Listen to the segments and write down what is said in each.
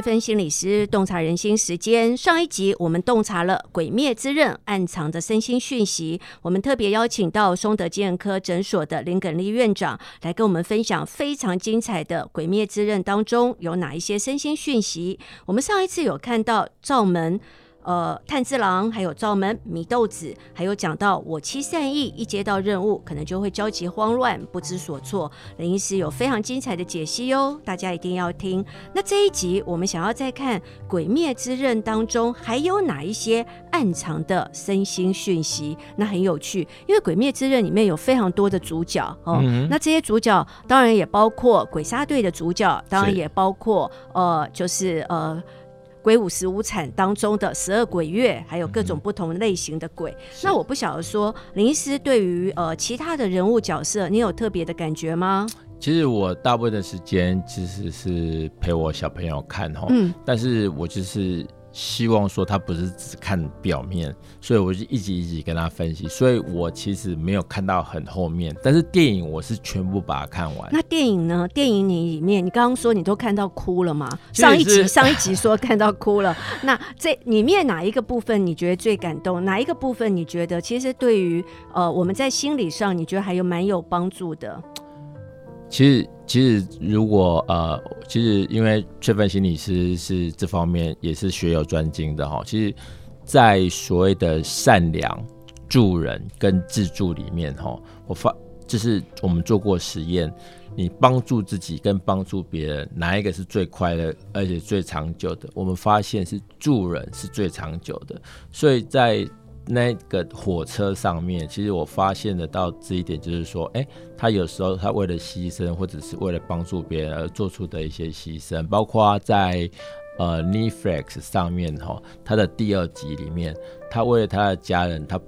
分心理師洞察人心時間。上一集我們洞察了《鬼滅之刃》暗藏的身心訊息。我們特別邀請到松德精神科診所的林耿立院長來跟我們分享非常精彩的《鬼滅之刃》當中有哪一些身心訊息。我們上一次有看到竈門。呃，炭治郎，還有竈門禰豆子，還有講到我妻善逸。一接到任務，可能就會焦急慌亂，不知所措。林醫師有非常精彩的解析哦，大家一定要聽。那這一集我們想要再看《鬼滅之刃》當中還有哪一些暗藏的身心訊息？那很有趣，因為《鬼滅之刃》裡面有非常多的主角哦，嗯嗯。那這些主角當然也包括鬼殺隊的主角，當然也包括呃，就是呃。鬼舞辻無慘當中的十二鬼月，還有各種不同類型的鬼。嗯、那我不曉得說，林醫師對於呃其他的人物角色，你有特別的感覺嗎？其實我大部分的時間其實是陪我小朋友看齁、嗯、但是我就是。希望說他不是只看表面，所以我就一集一集跟他分析。所以我其實沒有看到很後面，但是電影我是全部把它看完。那電影呢？電影你裡面，你剛剛說你都看到哭了嗎？上一集，上一集說看到哭了。 那這裡面哪一個部分你覺得最感動？哪一個部分你覺得其實對於呃我們在心理上你覺得還有蠻有幫助的？其實，其實如果呃，其實因為萃芬心理師是這方面也是學有專精的哈。其實，在所謂的善良助人跟自助裡面哈，我發這、就是我們做過實驗，你幫助自己跟幫助別人，哪一個是最快樂的，而且最長久的？我們發現是助人是最長久的，所以在，那個火車上面，其實我發現得到這一點，就是說，哎、欸，他有時候他為了犧牲，或者是為了幫助別人而做出的一些犧牲，包括在呃 Netflix 上面吼，他的第二集裡面，他為了他的家人，他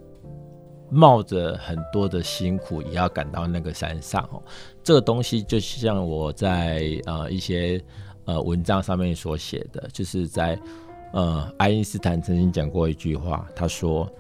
冒着很多的辛苦也要趕到那個山上。哦。這個東西就像我在呃一些呃文章上面所寫的，就是在呃愛因斯坦曾經講過一句話，他說。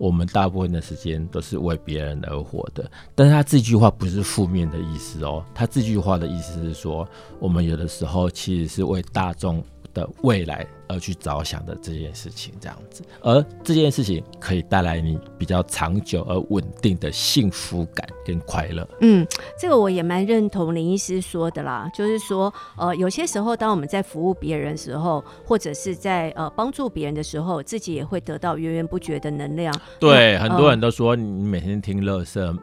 我們大部分的時間都是為別人而活的，但是他這句話不是負面的意思哦，他這句話的意思是說，我們有的時候其實是為大眾的未來。而去着想的這件事情，這樣子，而這件事情可以帶來你比較長久而穩定的幸福感跟快樂。嗯，這個我也蠻認同林醫師說的啦，就是說，呃，有些時候當我們在服務別人時候，或者是在呃幫助別人的時候，自己也會得到源源不絕的能量。對，呃、很多人都說你每天聽垃圾。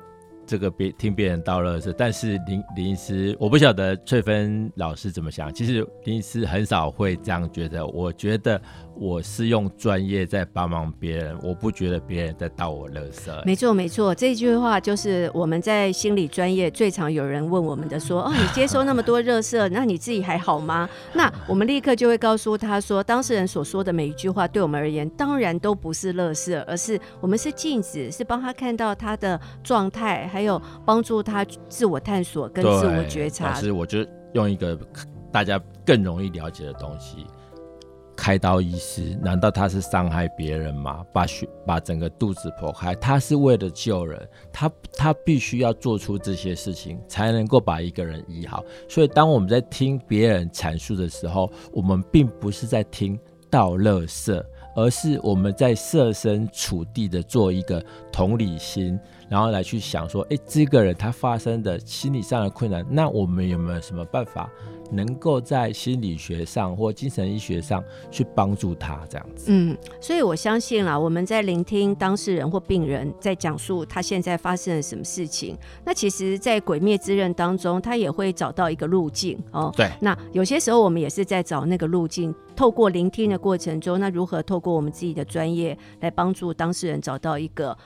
這個別聽別人倒垃圾，但是林林醫師，我不曉得翠芬老師怎麼想。其實林醫師很少會這樣覺得。我覺得我是用專業在幫忙別人，我不覺得別人在倒我垃圾。沒錯，沒錯，這句話就是我們在心理專業最常有人問我們的，說：“哦，你接收那麼多垃圾， 那你自己還好嗎？”那我們立刻就會告訴他說，當事人所說的每一句話，對我們而言，當然都不是垃圾，而是我們是鏡子，是幫他看到他的狀態。還有幫助他自我探索跟自我覺察，是我覺得用一個大家更容易了解的東西。開刀醫師難道他是傷害別人嗎？把血把整個肚子剖開，他是為了救人，他他必須要做出這些事情才能夠把一個人醫好。所以當我們在聽別人闡述的時候，我們並不是在聽倒垃圾，而是我們在設身處地的做一個同理心。然後來去想說，哎，這個人他發生的心理上的困難，那我們有沒有什麼辦法，能夠在心理學上或精神醫學上去幫助他這樣子？嗯，所以我相信啊，我們在聆聽當事人或病人在講述他現在發生了什麼事情，那其實，在《鬼滅之刃》當中，他也會找到一個路徑哦。對。那有些時候，我們也是在找那個路徑，透過聆聽的過程中，那如何透過我們自己的專業來幫助當事人找到一個？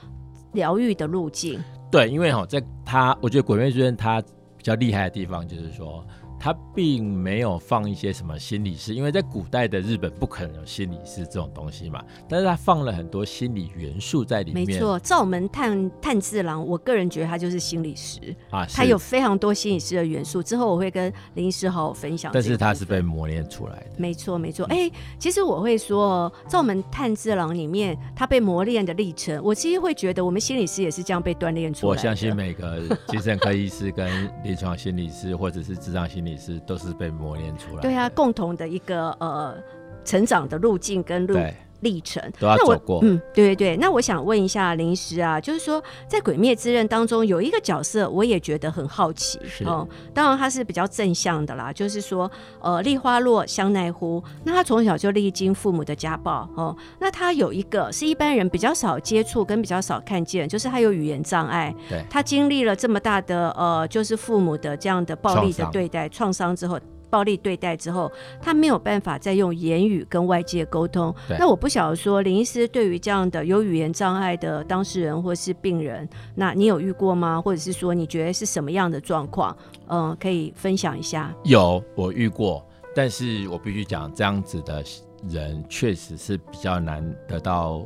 療癒的路徑，對，因為哈，在他，我覺得鬼滅之刃他比較厲害的地方就是說，他並沒有放一些什麼心理師，因為在古代的日本不可能有心理師這種東西嘛。但是他放了很多心理元素在裡面。沒錯，灶門炭炭治郎，我個人覺得他就是心理師啊，他有非常多心理師的元素。嗯、之後我會跟林醫師好好分享。但是他是被磨練出來的。沒錯，沒錯。哎、欸，其實我會說，竈門炭治郎裡面他被磨練的歷程，我其實會覺得我們心理師也是這樣被鍛鍊出來的。我相信每個精神科醫師跟臨床心理師 或者是諮商心理師。是，都是被磨練出來。對啊，共同的一個呃，成長的路徑跟路。歷程。那我嗯，對對對。那我想問一下林師啊，就是說在《鬼滅之刃》當中有一個角色，我也覺得很好奇哦。當然他是比較正向的啦，就是說呃，栗花落香奈乎，那他從小就歷經父母的家暴哦。那他有一個是一般人比較少接觸跟比較少看見，就是他有語言障礙，對他經歷了這麼大的呃，就是父母的這樣的暴力的對待創傷，創傷之後。暴力對待之後，他沒有辦法再用言語跟外界溝通。那我不曉得說，林醫師對於這樣的有語言障礙的當事人或是病人，那你有遇過嗎？或者是說，你覺得是什麼樣的狀況？嗯，可以分享一下。有，我遇過，但是我必須講，這樣子的人確實是比較難得到，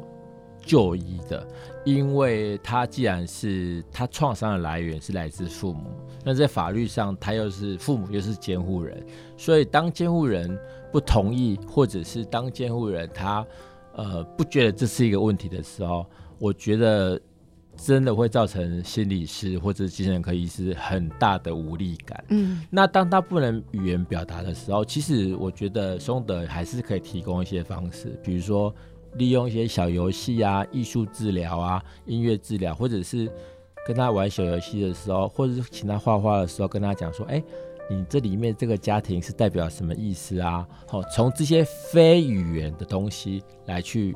就醫的，因為他既然是他創傷的來源是來自父母，那在法律上他又是父母又是監護人，所以當監護人不同意，或者是當監護人他呃不覺得這是一個問題的時候，我覺得真的會造成心理師或者精神科醫師很大的無力感。嗯，那當他不能語言表達的時候，其實我覺得松德還是可以提供一些方式，比如說。利用一些小遊戲啊、藝術治療啊、音樂治療，或者是跟他玩小遊戲的時候，或者是請他畫畫的時候，跟他講說：“哎、欸，你這裡面這個家庭是代表什麼意思啊？”好，從這些非語言的東西來去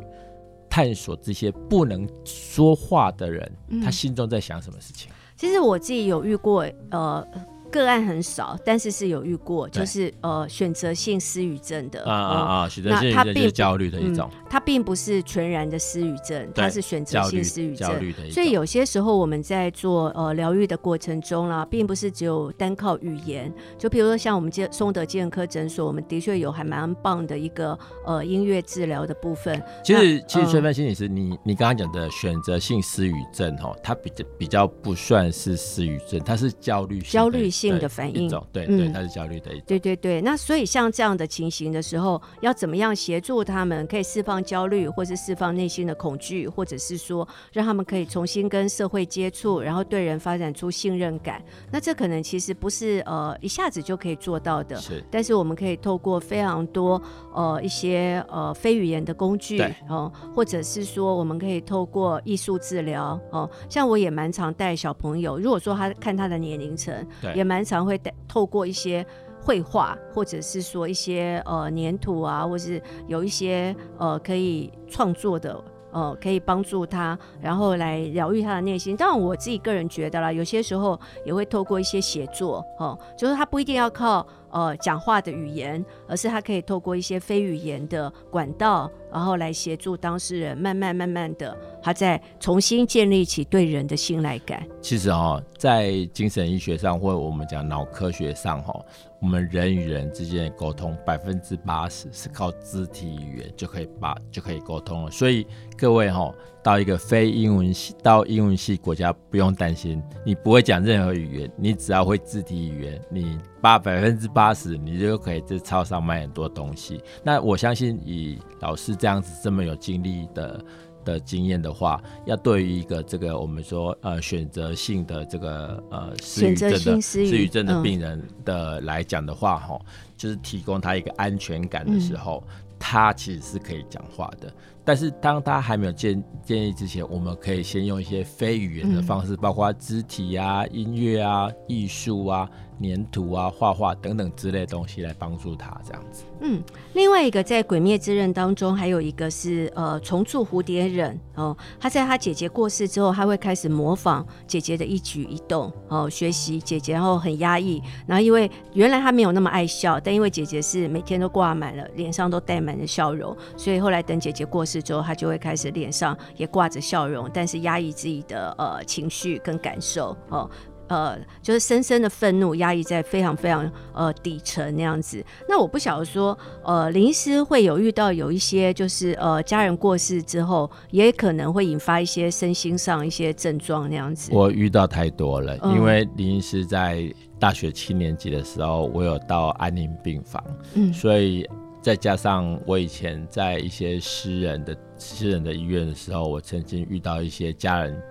探索這些不能說話的人，他心中在想什麼事情？嗯、其實我自己有遇過，呃。個案很少，但是是有遇過，就是呃選擇性失語症的啊啊啊！選擇性失語症是焦慮的一種，他、嗯嗯並，嗯、並不是全然的失語症，他是選擇性失語症焦慮焦慮的一種。所以有些時候我們在做呃療癒的過程中啦、啊，並不是只有單靠語言，就比如說像我們健松德健科診所，我們的確有還蠻棒的一個呃音樂治療的部分。其實，其實萃芬心理師、嗯、你你剛剛講的選擇性失語症哦，他比較比較不算是失語症，他是焦慮焦慮。對性的反應，對對，他是焦慮的一種。對對對，那所以像這樣的情形的時候，要怎麼樣協助他們，可以釋放焦慮，或是釋放內心的恐懼，或者是說讓他們可以重新跟社會接觸，然後對人發展出信任感。那這可能其實不是呃一下子就可以做到的。是。但是我們可以透過非常多呃一些呃非語言的工具對哦，或者是說我們可以透過藝術治療哦，像我也蠻常帶小朋友，如果說他看他的年齡層對也。蠻常會透過一些繪畫，或者是說一些呃粘土啊，或是有一些呃可以創作的，呃可以幫助他，然後來療癒他的內心。當然我自己個人覺得啦，有些時候也會透過一些寫作，哦，就是他不一定要靠。呃，講話的語言，而是他可以透過一些非語言的管道，然後來協助當事人慢慢慢慢的，他再重新建立起對人的信賴感。其實哦，在精神醫學上，或者我們講腦科學上，哦。我們人與人之間的溝通，百分之八十是靠肢體語言就可以把就可以溝通了。所以各位吼，到一個非英文系、到英文系國家，不用擔心，你不會講任何語言，你只要會肢體語言，你把百分之八十，你就可以在超市買很多東西。那我相信以老師這樣子這麼有精力的。的經驗的話，要對於一個這個我們說呃選擇性的這個呃失語症的失語症的病人的來講的話，吼、嗯，就是提供他一個安全感的時候，他其實是可以講話的。嗯但是當他還沒有建建議之前，我們可以先用一些非語言的方式，嗯、包括肢體啊、音樂啊、藝術啊、粘土啊、畫畫等等之類的東西來幫助他這樣子。嗯，另外一個在《鬼滅之刃》當中，還有一個是呃蟲柱蝴蝶忍哦，他在他姐姐過世之後，他會開始模仿姐姐的一舉一動哦，學習姐姐，然後很壓抑，然後因為原來他沒有那麼愛笑，但因為姐姐是每天都掛滿了臉上都帶滿了笑容，所以後來等姐姐過世。之後，他就會開始臉上也掛着笑容，但是壓抑自己的呃情緒跟感受哦，呃，就是深深的憤怒壓抑在非常非常呃底層那樣子。那我不曉得說，呃，林醫師會有遇到有一些就是呃家人過世之後，也可能會引發一些身心上一些症狀那樣子。我遇到太多了，嗯，因為林醫師在大學七年級的時候，我有到安寧病房，嗯，所以。再加上我以前在一些私人的私人的醫院的時候，我曾經遇到一些家人，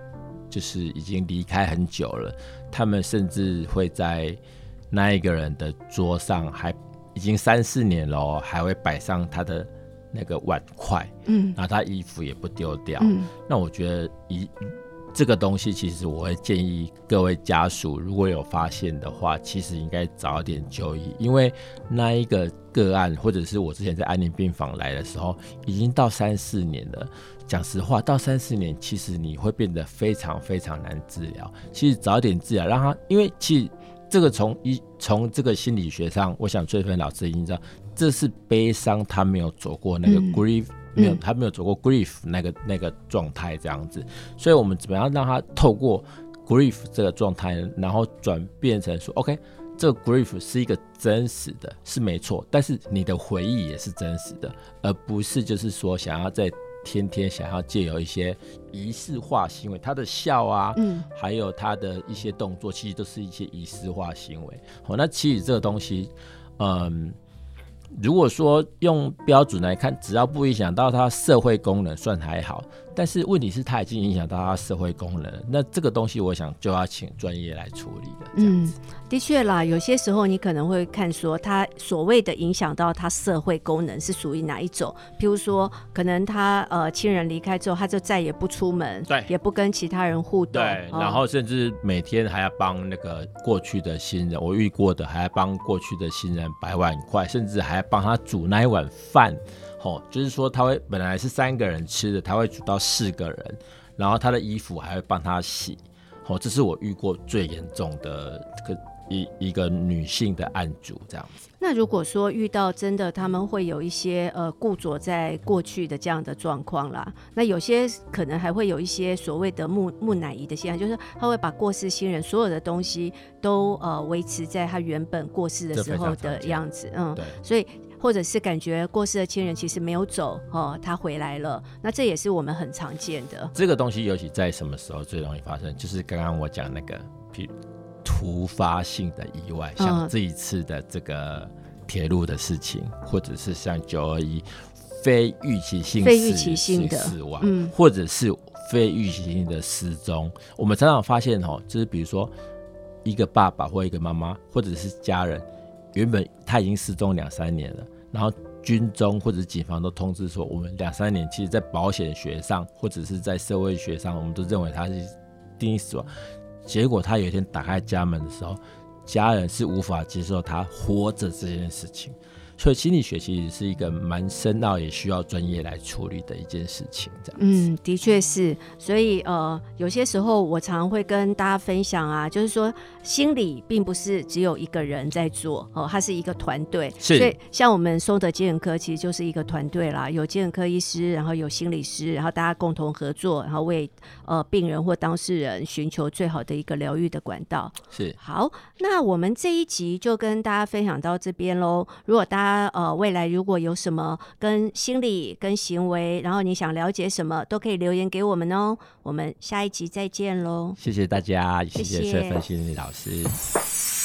就是已經離開很久了，他們甚至會在那一個人的桌上還，還已經三四年了，還會擺上他的那個碗筷，嗯，然後他衣服也不丟掉，嗯，那我覺得一。這個東西其實我會建議各位家屬，如果有發現的話，其實應該早點就醫，因為那一個個案，或者是我之前在安寧病房來的時候，已經到三四年了。講實話，到三四年，其實你會變得非常非常難治療。其實早點治療，讓他，因為其實這個從一從這個心理學上，我想萃芬老師已經知道，這是悲傷，他沒有走過那個 grief、嗯沒有，他沒有走過 grief 那個那個狀態這樣子，所以我們怎麼樣讓他透過 grief 這個狀態，然後轉變成說，OK，這個 grief 是一個真實的，是沒錯，但是你的回憶也是真實的，而不是就是說想要在天天想要借由一些儀式化行為，他的笑啊，嗯，還有他的一些動作，其實都是一些儀式化行為。好，哦，那其實這個東西，嗯。如果說用標準來看，只要不影響到它社會功能，算還好。但是問題是，他已經影響到他社會功能了。那這個東西，我想就要請專業來處理的，這樣子。嗯，的確啦，有些時候你可能會看說，他所謂的影響到他社會功能是屬於哪一種？譬如說，可能他呃親人離開之後，他就再也不出門，對，也不跟其他人互動，對。哦。然後甚至每天還要幫那個過去的親人，我遇過的還要幫過去的親人擺碗筷，甚至還要幫他煮那一碗飯。哦，就是說他會本來是三個人吃的，他會煮到四個人，然後他的衣服還會幫他洗。哦，這是我遇過最嚴重的一個一一個女性的案主。這樣子，那如果說遇到真的他們會有一些呃固着在過去的這樣的狀況啦，那有些可能還會有一些所謂的木木乃伊的現象，就是他會把過世親人所有的東西都呃維持在他原本過世的時候的樣子，常常嗯對，所以。或者是感覺過世的親人其實沒有走哦，他回來了。那這也是我們很常見的。這個東西尤其在什麼時候最容易發生？就是剛剛我講那個，譬如突發性的意外，像這一次的這個鐵路的事情，嗯、或者是像九二一非預期性非預期性的死亡、嗯，或者是非預期性的失蹤。我們常常發現哦，就是比如說一個爸爸或一個媽媽，或者是家人原本。他已經失蹤兩三年了，然後軍中或者警方都通知說，我們兩三年其實，在保險學上或者是在社會學上，我們都認為他是定義死亡。結果他有一天打開家門的時候，家人是無法接受他活着這件事情。所以心理學其實是一個蠻深奧，也需要專業來處理的一件事情，這樣。嗯，的確是。所以呃，有些時候我常會跟大家分享啊，就是說心理並不是只有一個人在做哦，呃，它是一個團隊。是。所以像我們松德精神科其實就是一個團隊啦，有精神科醫師，然後有心理師，然後大家共同合作，然後為呃病人或當事人尋求最好的一個療癒的管道。是。好，那我們這一集就跟大家分享到這邊嘍。如果大家他、啊、呃，未來如果有什麼跟心理、跟行為，然後你想了解什麼，都可以留言給我們哦。我們下一集再見嘍！謝謝大家，謝謝萃芬心理老師。謝謝